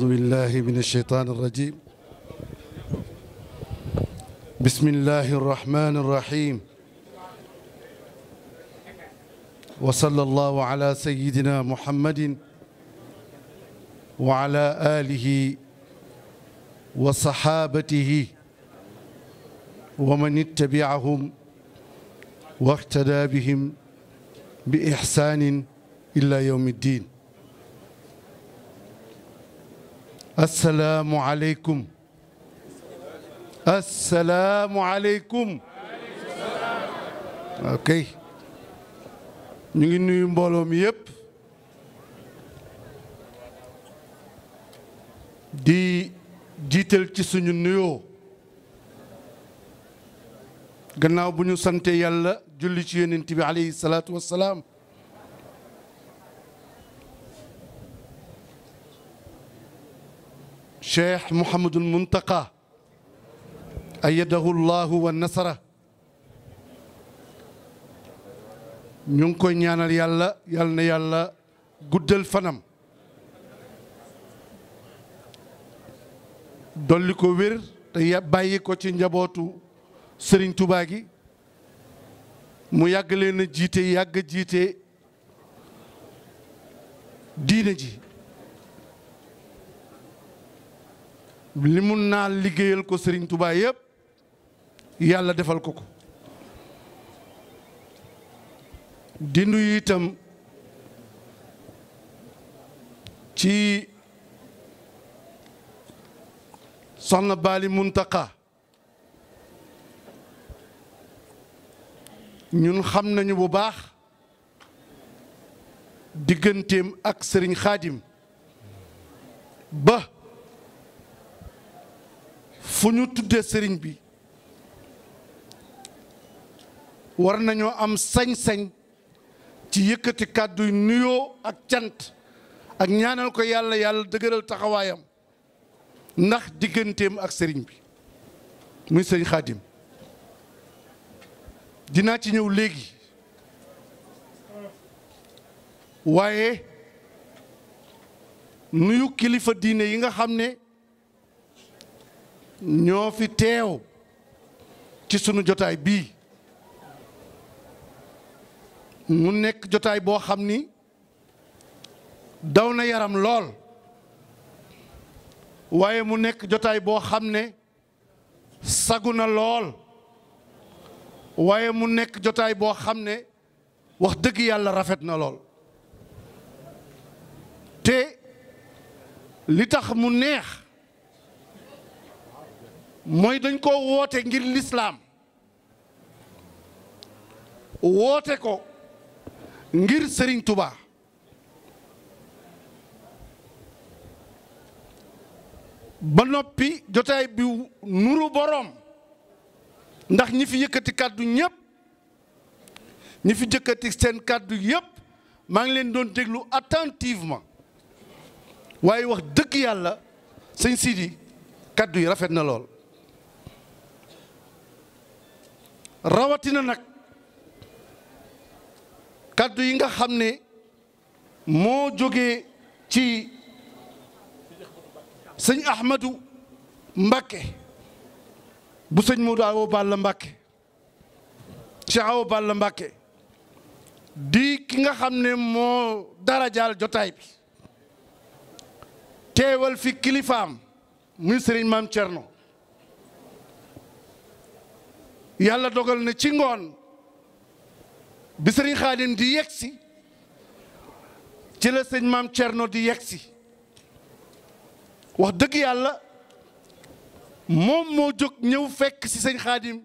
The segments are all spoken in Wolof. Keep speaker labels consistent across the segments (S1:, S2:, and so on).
S1: أعوذ بالله من الشيطان الرجيم بسم الله الرحمن الرحيم وصلى الله على سيدنا محمد وعلى آله وصحابته ومن اتبعهم واقتدى بهم بإحسان إلى يوم الدين السلام عليكم السلام عليكم اوكي نيغي نوي مبولوم ييب دي جيتل سي سونو نيو غناو بو نيو سانتي يالا جولي سي يونتي عليه الصلاه والسلام شيخ محمد المنتقى أيده الله ونصره ñu ngi koy ñaanal yàlla yal na yàlla guddal fanam dolli ko wér te bàyyi ko ci njabootu Serigne Touba gi mu yàgg leen a jiite yàgg jiite diine ji li mun naa liggéeyal ko Serigne Touba yëpp yàlla defal ko ko dindu itam ci soxna Baali Muntaka ñun xam nañu bu baax digganteem ak Serigne Khadim ba fu ñu tuddee sëriñ bi war nañoo am sañ-sañ ci yëkkati kàdduy yu nuyoo ak cant ak ñaanal ko yàlla yàlla dëgëral taxawaayam ndax digganteem ak sëriñ bi muy sëriñ Xaadim dinaa ci ñëw léegi waaye nuyu kilifa diine yi nga xam ne ñoo fi teew ci sunu jotaay bii mu nekk jotaay boo xam ni daw na yaram lool waaye mu nekk jotaay boo xam ne sagu na lool waaye mu nekk jotaay boo xam ne wax dëgg yàlla rafet na lool te li tax mu neex mooy dañ ko woote ngir lislaam woote ko ngir sëriñ Touba ba noppi jotaay bi nuru boroom ndax ñi fi yëkkati kàddu ñëpp ñi fi jëkkati seen kàddu yëpp maa ngi leen doon déglu attentivement waaye wax dëkk yàlla sëñ Sidi kàddu yi rafet na lool. rawatina nag kàddu yi nga xam ne moo jógee ci sëñ Ahmadou Mbakke bu sëñ Modou Awa Balla Mbakke Cheikh Awa Balla Mbakke di ki nga xam ne moo dara darajaal jotaay bi teewal fi kilifaam muy sëriñ maam Thierno yàlla dogal na ci ngoon bi sëriñ Xaadim di yegsi ci la sëñ maam Cerno di yegsi wax dëgg yàlla moom moo jóg ñëw fekk ci sëñ Xaadim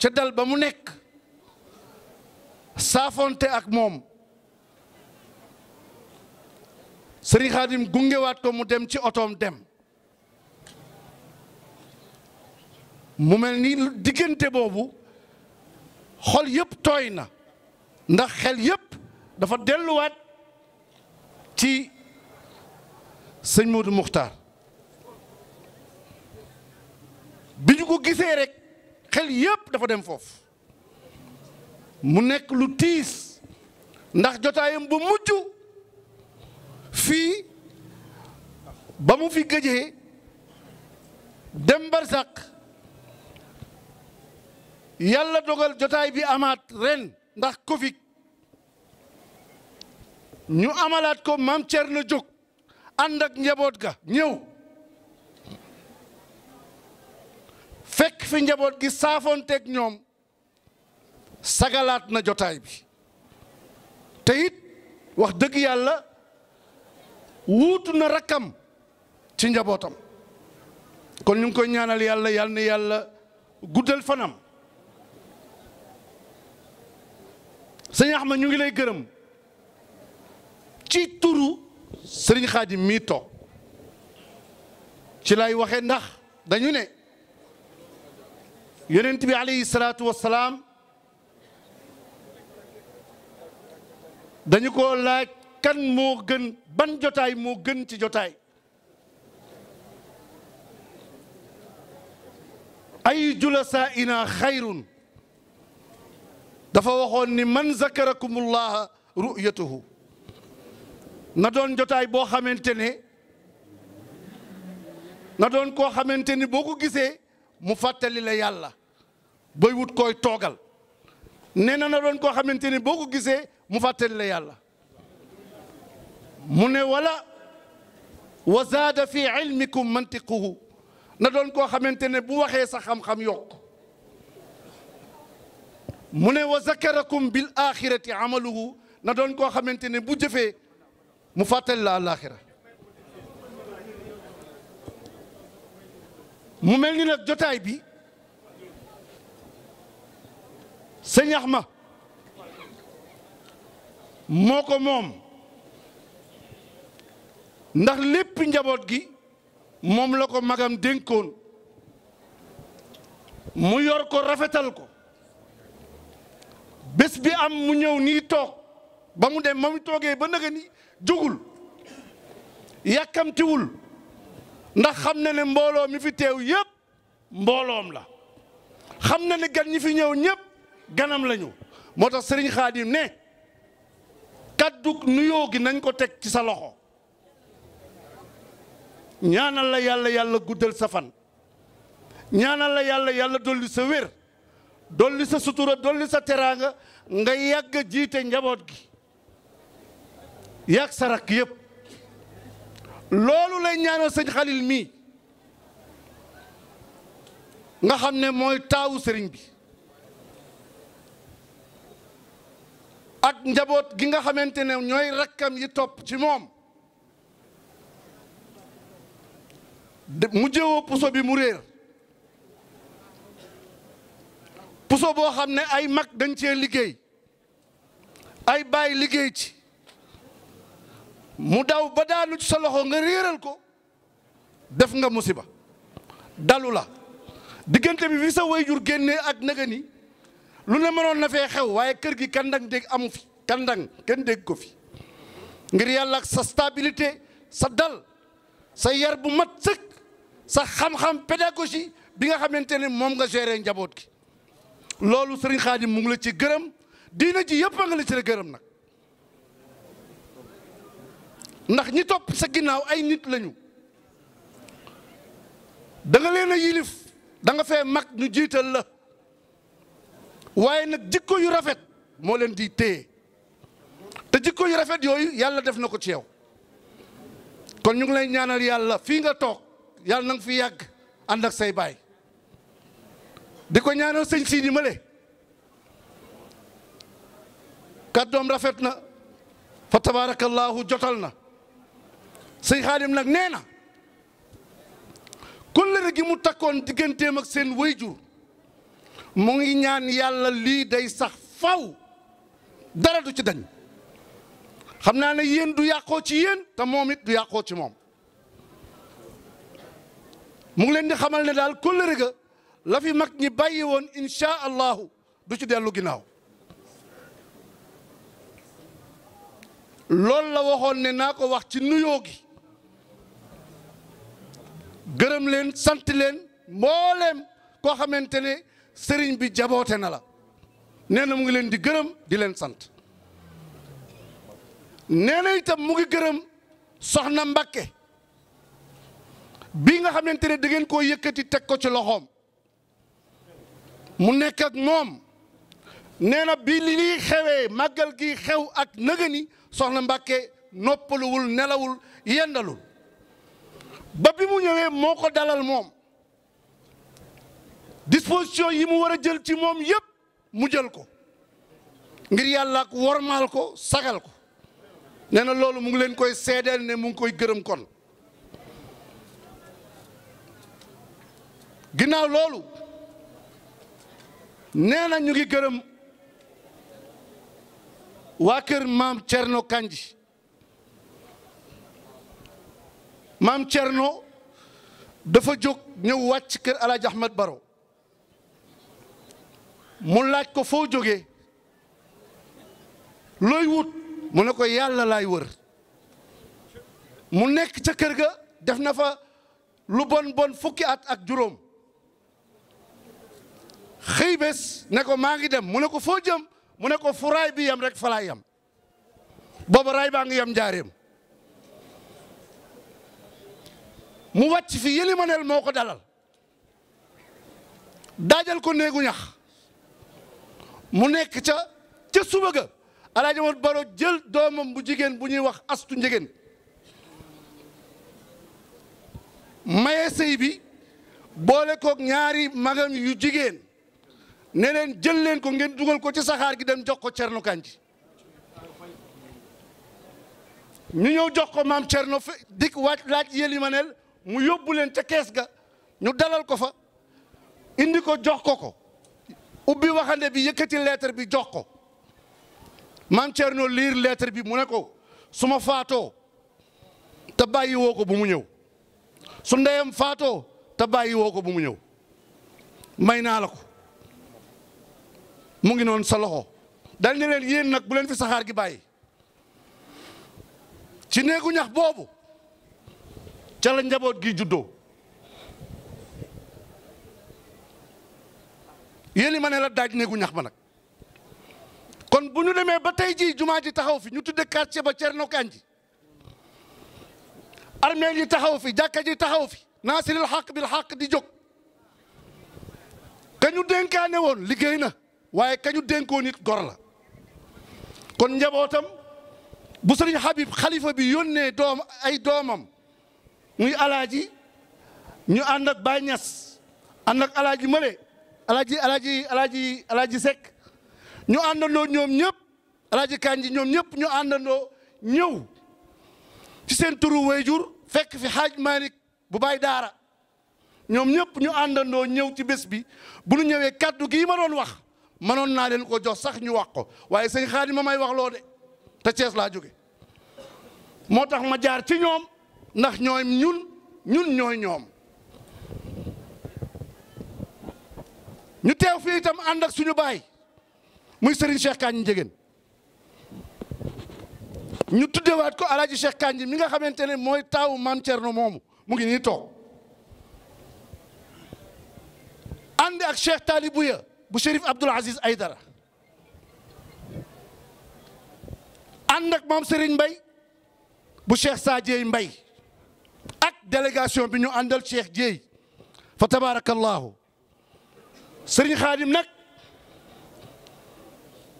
S1: ca dal ba mu nekk saafonte ak moom sëriñ Xaadim gungewaat ko mu dem ci otoom dem mu mel ni diggante boobu xol yépp tooy na ndax xel yépp dafa delluwaat ci sëñ Moodu Muxtaar bi ñu ko gisee rekk xel yëpp dafa dem foofu mu nekk lu tiis ndax jotaayam ba mujj fii ba mu fi gëjee dem barsàq yàlla dogal jotaay bi amaat ren ndax kofik ñu amalaat ko maam Thierno jóg ànd ak njaboot ga ñëw fekk fi njaboot gi saafoonteeg ñoom sagalaat na jotaay bi te it wax dëgg yàlla wuutu na rakkam ci njabootam kon ñu ngi koy ñaanal yàlla yal na yàlla guddal fanam. sëñ Axma ñu ngi lay gërëm ci turu sëriñ Xaadim mii ci lay waxee ndax dañu ne yonent bi alayhi salaatu wassalaam dañu ko laaj kan moo gën ban jotaay moo gën ci jotaay ay julasaa ina xayrun dafa waxoon ni man zakarakumullah ru'yatuhu na doon jotaay boo xamante ne na doon koo xamante ni boo ko gisee mu fàttali la yàlla booy wut koy toogal nee na na doon koo xamante ni boo ko gisee mu fàttali la yàlla mu ne wala wa zaada fi ilmikum mantiquhu na doon koo xamante ne bu waxee sa xam-xam yokk mu ne wa zakarakum bil axirati amaluhu na doon koo xamante ne bu jëfee mu fàttali la àlaxira mu mel ni nag jotaay bi sëñ Axma moo ko moom ndax lépp njaboot gi moom la ko magam dénkoon mu yor ko rafetal ko bés bi am mu ñëw nii toog ba mu dem ma mu toogee ba naga ni jógul yàkkamtiwul ndax xam na ne mbooloo mi fi teew yëpp mbooloom la xam na ne gan ñi fi ñëw ñëpp ganam lañu moo tax sëriñ Xaadim ne kaddu nuyoo gi nañ ko teg ci sa loxo ñaanal la yàlla yàlla guddal sa fan ñaanal la yàlla yàlla dolli sa wér dolli sa sutura dolli sa teraanga nga yàgg a jiite njaboot gi yàgg sa rakk yëpp loolu lay ñaanal sëñ Xalil mii nga xam ne mooy taawu sëriñ bi ak njaboot gi nga xamante ne ñooy rakkam yi topp ci moom mu jëwoo puso bi mu réer puso boo xam ne ay mag dañ cee liggéey ay bàyyi liggéey ci mu daw ba daanu ci sa loxo nga réeral ko def nga musiba dalu la diggante bi fi sa jur génnee ak naga lu ne mënoon na fee xew waaye kër gi kandang dégg amu fi kandang kenn dégg ko fi ngir yàlla ak sa stabilité sa dal sa yar bu mat sëkk sa xam-xam pédagogie bi nga xamante ne moom nga gérer njaboot gi loolu sëriñ Xaadim mu ngi la ci gërëm diina ji yëpp a nga la ci gërëm nag ndax ñi topp sa ginnaaw ay nit lañu danga leen a yilif da fee mag ñu jiital la waaye nag jikko yu rafet moo leen di téye te jikko yu rafet yooyu yàlla def na ko ci yow kon ñu ngi lay ñaanal yàlla fii nga toog yàlla na nga fi yàgg ànd ak say baay di ko ñaanal sëñ Sidi Male kàddoom rafet na fa tabaarakallaahu jotal na sëñ Xaadim nag nee na kóllëre gi mu takkoon digganteem ak seen wayjur mu ngi ñaan yàlla lii day sax faw dara du ci dañ xam naa ne yéen du yàqoo ci yéen te moom it du yàqoo ci moom mu ngi leen di xamal ne daal kóllëre ga la fi mag ñi bàyyi woon incha du ci dellu ginnaaw loolu la waxoon ne naa ko wax ci nuyoo gi gërëm leen sant leen mbooleem koo xamante ne sëriñ bi jaboote na la nee na mu ngi leen di gërëm di leen sant nee na itam mu ngi gërëm soxna Mbakke bii nga xamante ne da ngeen koo yëkkati teg ko ci loxoom mu nekk ak moom neena na bi li ñuy xewee màggal gi xew ak nëgëni soxna Mbàkke noppaluwul nelawul yendalul ba bi mu ñëwee moo ko dalal moom disposition yi mu war a jël ci moom yépp mu jël ko ngir yàlla ak wormaal ko sagal ko nee na loolu mu ngi leen koy seedeel ne mu ngi koy gërëm kon ginnaaw loolu nee na ñu ngi gërëm waa kër maam Thierno Kandji maam Thierno dafa jóg ñëw wàcc kër El Hadj Baro mu laaj ko foo jóge looy wut mu ne ko yàlla laay wër mu nekk ca kër ga def na fa lu bon bon fukki at ak juróom. xëy bés ne ko maa ngi dem mu ne ko foo jëm mu ne ko fu raay bi yem rek fa laay yem booba raay baa ngi yem njaareem mu wàcc fi yëlimaneel moo ko dalal daajal ko néegu ñax mu nekk ca ca suba ga alaaji Amat Baro jël doomam bu jigéen bu ñuy wax astu njegéen maye sëy bi boole koog ñaari magam yu jigéen ne jël leen ko ngeen dugal ko ci saxaar gi dem jox ko Cerno Kanji ñu ñëw jox ko maam Cerno fe dikk waaj laaj yéli ma neel mu yóbbu leen ca kees ga ñu dalal ko fa indi ko jox ko ko ubbi waxande bi yëkkati lettre bi jox ko maam no liir lettre bi mu ne ko su ma faatoo te bàyyi ko bu mu ñëw su ndeyam faatoo te bàyyiwoo ko bu mu ñëw may naa la ko mu ngi noon sa loxo dal ne leen yéen nag bu leen fi saxaar gi bàyyi ci néegu ñax boobu ca la njaboot gi juddoo yéen ma ne la daaj néegu ñax ba nag kon bu ñu demee ba tey ji jumaa ji taxaw fi ñu tudde quartier ba Cerno Kanji armeel yi taxaw fi jàkka ji taxaw fi naasiril xaq bil xaq di jóg ka ñu dénkaane woon liggéey na waaye kañu dénkoo nit gor la kon njabootam bu sëriñ Habib xalifa bi yónnee doom ay doomam muy alaaji ñu ànd ak Baay Ñas ànd ak alaaji Mële alaaji alaaji alaaji alaaji Sekk ñu àndandoo ñoom ñëpp alaaji Kanji ñoom ñëpp ñu àndandoo ñëw ci seen turu wayjur fekk fi Haaj Malick bu Baay Daara ñoom ñëpp ñu àndandoo ñëw ci bés bi bu ñu ñëwee kàddu gii ma doon wax mënoon naa den ko jox sax ñu wax ko waaye sëñ xaadim ma may wax loo de te Cees laa jóge moo tax ma jaar ci ñoom ndax ñooy ñun ñun ñooy ñoom ñu teew fii itam ànd ak suñu baay muy Serigne Cheikh Kandji Ndiéguène ñu tuddewaat ko Alaaji Cheikh Kandji mi nga xamante ne mooy taawu maam Thierno moomu mu ngi nii toog ànd ak Cheikh Talibouya bu Chérif Abdoul Aziz Aydara ànd ak moom Serigne Mbaye bu Cheikh Sadieye mbay ak délégation bi ñu àndal Cheikh Dieye fa tabarakallahu Serigne Khadim nag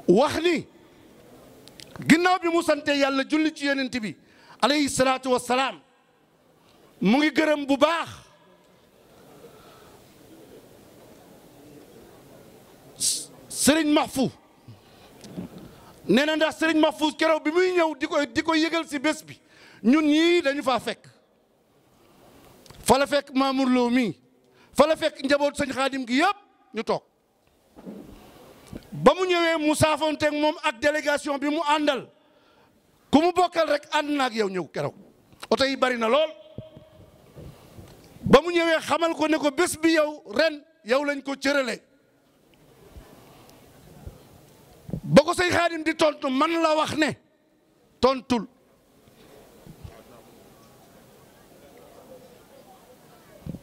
S1: wax ni ginnaaw bi mu sante yàlla julli ci yonent bi alayhi salaatu wa salaam mu ngi gërëm bu baax sëriñ max fu nee na ndax Serigne Mahfou keroog bi muy ñëw di ko di ko yëgal si bés bi ñun ñii dañu faa fekk fa fekk Mamour Lo mii fa la fekk njaboot sëñ Xaadim gi yëpp ñu toog ba mu ñëwee mu saafoonteeg moom ak délégation bi mu àndal ku mu bokkal rek ànd na ak yow ñëw keroog oto yi bari na lool ba mu ñëwee xamal ko ne ko bés bi yow ren yow lañ ko cërale ba ko sëñ xaadim di tontu man la wax ne tontul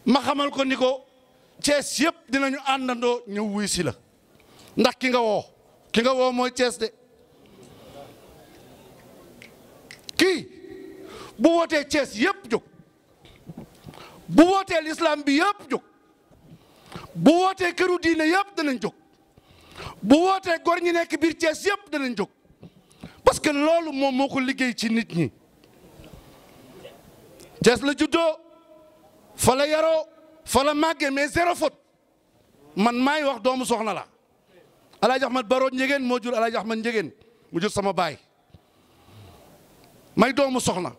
S1: ma xamal ko ni ko Cees yëpp dinañu àndandoo ñëw wuy si la ndax ki nga woo ki nga woo mooy Cees de kii bu wootee Cees yëpp jóg bu wootee lislaam bi yëpp jóg bu wootee këru diine yëpp danañ jóg bu wootee góor ñi nekk biir cees yëpp danañ jóg parce que loolu moom moo ko liggéey ci nit ñi cees la juddoo fa la yaroo fa la màggee mais zéro faute man maay wax doomu soxna la El Hadj Ahmad njegeen moo jur El Hadj Ahmad Ndiégeen sama baay may doomu soxna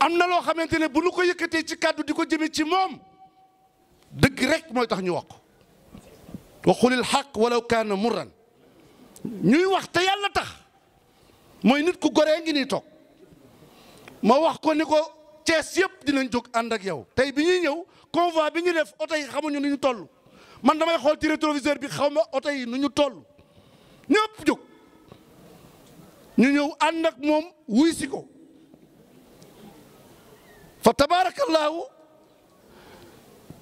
S1: am na loo xamante ne bu nu ko yëkkatee ci kàddu di ko jëmee ci moom dëgg rek mooy tax ñu wax ko وقل الحق ولو كان مرا ني وقت يالا تخ موي نيت كو غوري نغي ني توك ما واخ كو نيكو تيس ييب دينا نجوك اندك ياو تاي بي ني نييو كونفا بي ني ديف اوتاي خامو ني ني تولو مان داماي خول تي ريتروفيزور بي خاوما اوتاي ني ني تولو نييب جوك ني نييو اندك موم ويسيكو فتبارك الله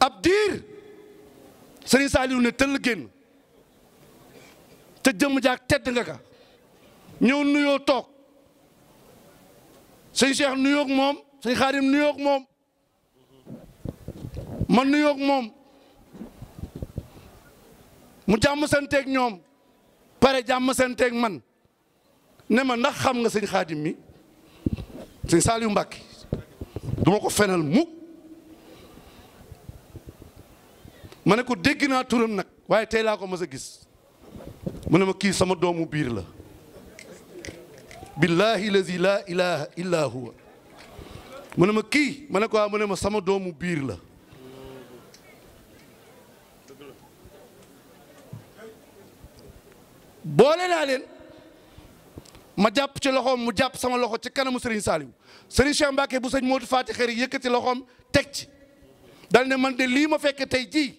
S1: ab diir sëriñ Saliou ne tëll génn te jëmm jaak tedd nga ka ñëw nuyoo toog sëñ Cheikh nuyoog moom sëñ Xaadim nuyoog moom man nuyoog moom mu jàmm santeeg ñoom pare jàmm santeeg man ne ma ndax xam nga sëñ Xaadim mi sëñ Saliou Mbacke duma ko fenal mukk ma ne ko dégg naa turam nag waaye tey laa ko mës gis mu ne ma kii sama doomu biir la billahi lazi laa ilaha illa huwa mu ne ma kii ma ne ko ah, mu ne ma sama doomu biir la boole naa leen ma jàpp ci loxoom mu jàpp sama loxo ci kanamu Serigne Saliou Serigne Cheikh Mbacke bu moot Modou Fati xëri yëkkati loxoom teg ci dal ne man de lii ma fekk tey jii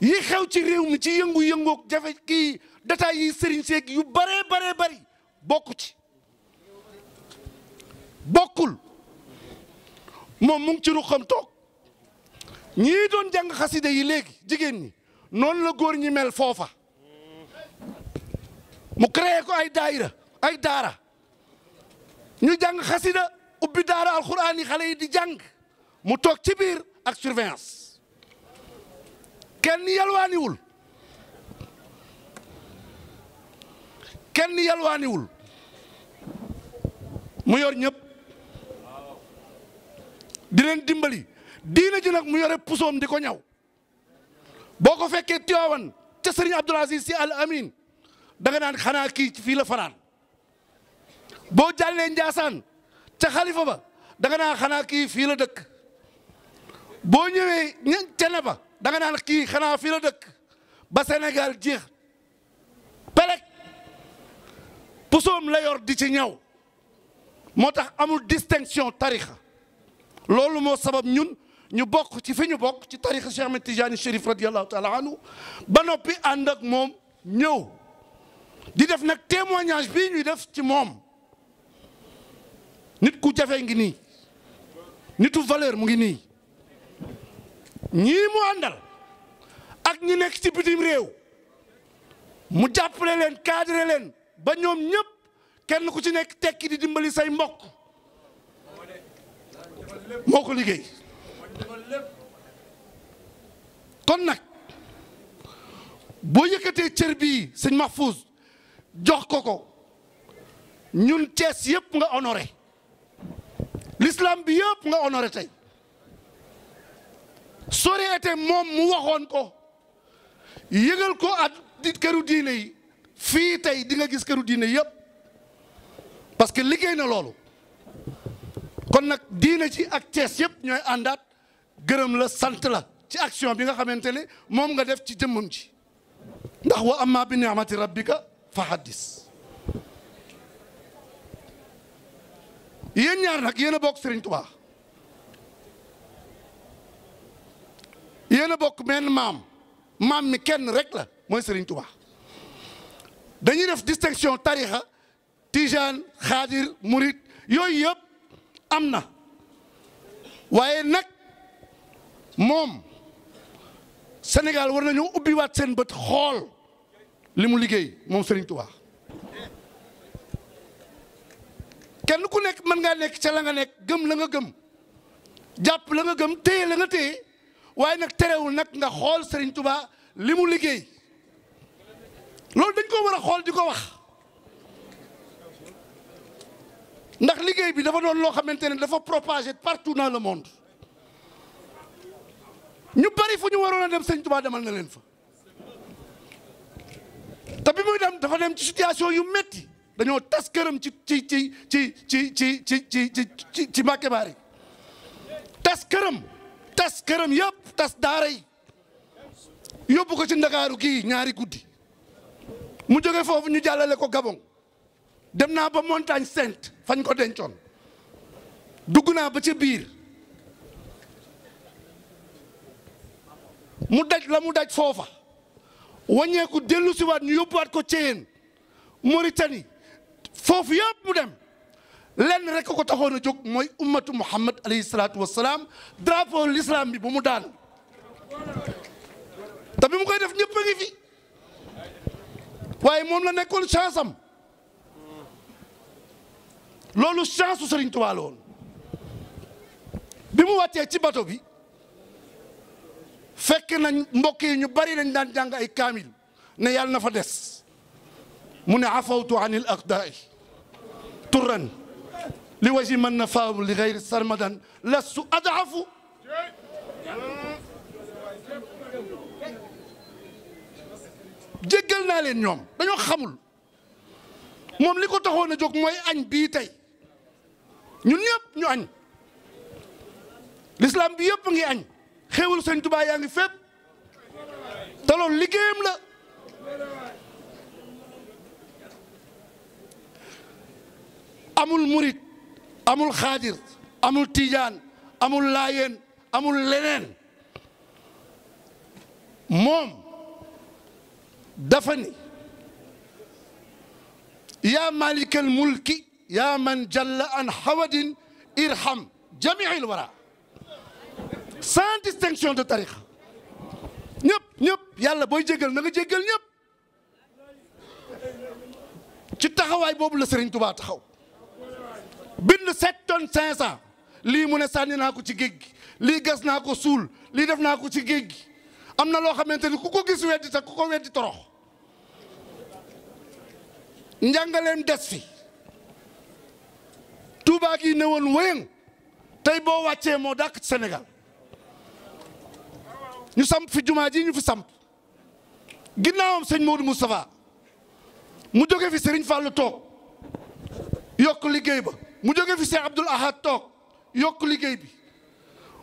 S1: yi xew ci réew mi ci yëngu-yëngoog jafe kii dataay yi sëriñ seeg yu bare bare bari bokku ci bokkul moom mu ngi ci ruqam toog ñii doon jàng xasida yi léegi jigéen ñi noonu la góor ñi mel foofa mu créé ko ay daayira ay daara ñu jàng xasida ubbi daara alxuraan yi xale yi di jàng mu toog ci biir ak surveillance kenn yalwaaniwul kenn yalwaaniwul mu yor ñëpp di leen dimbali diina ji nag mu yore pusoom di ko ñaw boo ko fekkee Tiwaawan ca Serigne Abdoul Aziz Sy Al Amin danga naan xanaa kii fii la fanaan boo jàllee Njaasaan ca xalifa ba danga naan xanaa kii fii la dëkk boo ñëwee ña ba. danga nga naan kii xanaa fi la dëkk ba Sénégal jeex pelek pusoom la yor di ci ñaw moo tax amul distinction tarixa loolu moo sabab ñun ñu bokk ci fi ñu bokk ci tarixa Cheikh Ahmed Tidiane Chérif radiallahu taala anhu ba noppi ànd ak moom ñëw di def nag témoignage bii ñuy def ci moom nit ku jafe ngi nii nitu valeur mu ngi nii ñii mu àndal ak ñi nekk ci bitim réew mu jàppale leen cadré leen ba ñoom ñëpp kenn ku ci nekk tekki di dimbali say mbokk moo ko liggéey kon nag boo yëkkatee cër bii sëñ Mahfouz jox ko ko ñun Cees yëpp nga honoré lislaam bi yëpp nga honoré tey soreete moom mu waxoon ko yëgal ko at këru diine yi fii tey di nga gis këru diine yëpp parce que liggéey na loolu kon nag diine ci ak Cees yëpp ñooy àndaat gërëm la sant la ci action bi nga xamante ne moom nga def ci jëmmam ci ndax am amma bi ni'mati rabbika fa haddis yeen ñaar nag yéen bokk Serigne Touba yéen a bokk benn maam maam mi kenn rek la mooy Serigne Touba dañuy def distinction tarixa tijaan xaadir murit yooyu yëpp am na waaye nag moom Sénégal war na nañoo ubbiwaat seen bët xool li mu liggéey moom Serigne Touba kenn ku nekk mën ngaa nekk ca la nga nekk gëm la nga gëm jàpp la nga gëm téye la nga téye. waaye nag terewul nag nga xool sëriñ Touba li mu liggéey loolu dañ ko war a xool di ko wax ndax liggéey bi dafa doon loo xamante ne dafa propagé partout dans le monde ñu bari fu ñu waroon a dem Serigne Touba demal na leen fa te bi muy dem dafa dem ci situation yu metti dañoo tas këram ci ci ci ci ci ci ci ci ci ci Mbàkke Baari tas këram. tas këram yëpp tas daara yóbbu ko ci ndakaaru kii ñaari guddi mu jóge foofu ñu jàllale ko Gabon dem naa ba montagne sent fañ ko dencoon dugg naa ba ca biir mu daj la mu daj foofa waññeeku dellu siwaat ñu yóbbuwaat ko Thiéyène Mauritanie foofu yëpp mu dem lenn rek ko taxoon a jóg mooy ummatu muhammad alayhi salaatu wa salaam drapeau l'islam bi bu mu daan te bi mu koy def ñëpp a ngi fi waaye moom la nekkoon chance am loolu chance su Serigne Touba la woon bi mu wàccee ci bato bi fekk nañ mbokk yi ñu bari dañ daan jàng ay kaamil ne yàlla na fa des mu ne afawtu anil aqdaai turran لوجه من نفاه لغير السرمدا لست أضعف جيجلنا لين نيوم دانيو خامول موم ليكو تاخونا جوك موي اني بي تاي نيون نيب ني اني الاسلام بي ييب ني اني خيوول سيغ توبا ياغي فيب تا لول ليغيم لا امول موريد amul xaadir amul tijaan amul laayeen amul leneen moom dafa ni yaa malikal mulki yaa man jalla an hawadin irham jamiil wara sans distinction de tariqa ñëpp ñëpp yàlla booy jégal na nga jégal ñëpp ci taxawaay boobu la Sëriñ Tuubaa taxaw bind 7 tonnes 500 lii mu ne sànni naa ko ci géej gi lii gas naa ko suul lii def naa ko ci géej gi am na loo xamante ni ku ko gis weddi sax ku ko weddi torox njàngaleem des fi Touba gi ne woon wëyëng tey boo wàccee moo dàq ci ñu samp fi jumaa ji ñu fi samp ginnaawam sëñ Maodo Moustapha mu jóge fi Serigne Fallou toog yokk liggéey ba mu jóge fi Cheikh abdul Ahad tok yok liggéey bi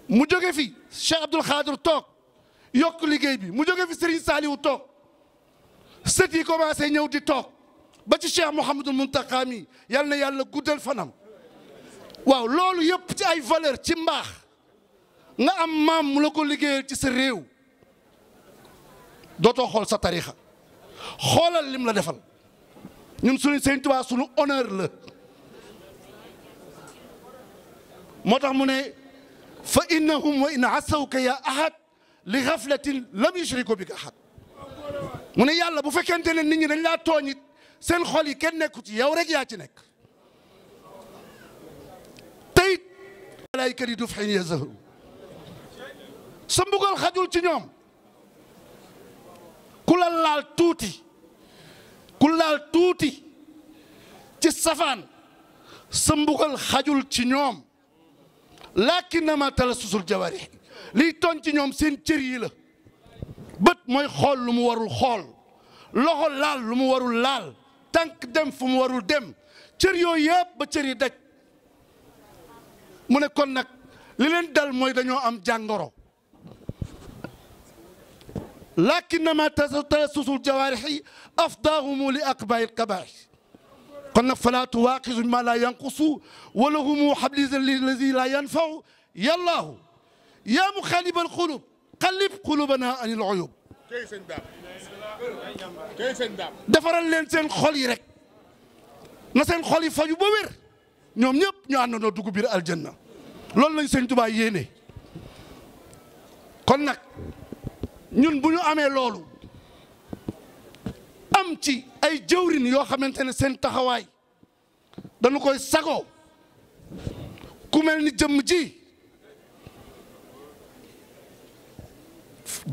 S1: mu jóge fi Cheikh abdul Khadir tok yok liggéey bi mu jóge fi Serigne Saliou tok sët yi commencé ñëw di tok ba ci Cheikh mohammed muntakami yalna na yàlla guddal fanam waaw lolu yep ci ay valeur ci mbax nga am mam lu ko liggéeyal ci sa rew doto xol sa tarixa xolal lim la defal ñun suñu seigne touba suñu honneur la moo tax mu ne fa innahum wa in asawka ya ahad li xaflatin lam yushriku bika ahad mu ne yàlla bu fekkente ne nit ñi dañ laa tooñit seen xol yi kenn nekku ci yow rek yaa ci nekk teyit malaayika yi duf xin yazahru sa mbugal xajul ci ñoom ku la laal tuuti ku laal tuuti ci safaan sa mbugal xajul ci ñoom لكنما تلصص الجوارح لي تونتي نيوم سين تيري لا بت موي خول لو مو وارول خول لوخو لال لو مو وارول لال تانك ديم فو مو وارول ديم تيري يو ياب با تيري داج مو نكون نك لي لين دال موي دانيو ام جانغورو لكنما تلصص الجوارح افضاهم لاقبع القبائل قلنا فلا تواقظ بما لا ينقص ولهم حبل الذي لا ينفع يا الله يا مخالب القلوب قلب قلوبنا عن العيوب defaral leen seen xol yi rek na seen xol yi faju ba wér ñoom ñëpp ñu àndandoo dugg biir aljanna loolu lañ sëñ Tuubaa yéene kon nag ñun bu ñu amee loolu am ci ay jëwrin yoo xamante ne seen taxawaay danu koy sagoo ku mel ni jëmm ji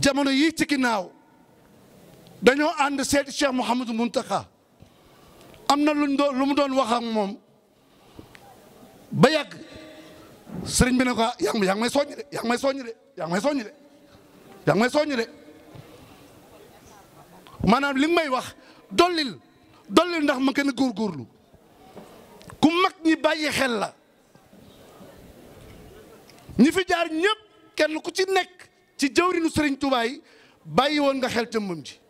S1: jamono yii ci ginnaaw dañoo ànd seeti Cheikh Mouhamadou Mountakha am na luñ doon lu mu doon wax moom ba yàgg sëriñ bi ne ko ah, yaa ngi may soññ de yaa ngi may soññ de yaa ngi may de maanaam li may wax dollil dollil ndax ma gën a góorgóorlu ku mag ñi bàyyi xel la ñi fi jaar ñëpp kenn ku ci nekk ci jëwrinu Sëriñ Tuubaa yi bàyyi woon nga xel jëmmam ji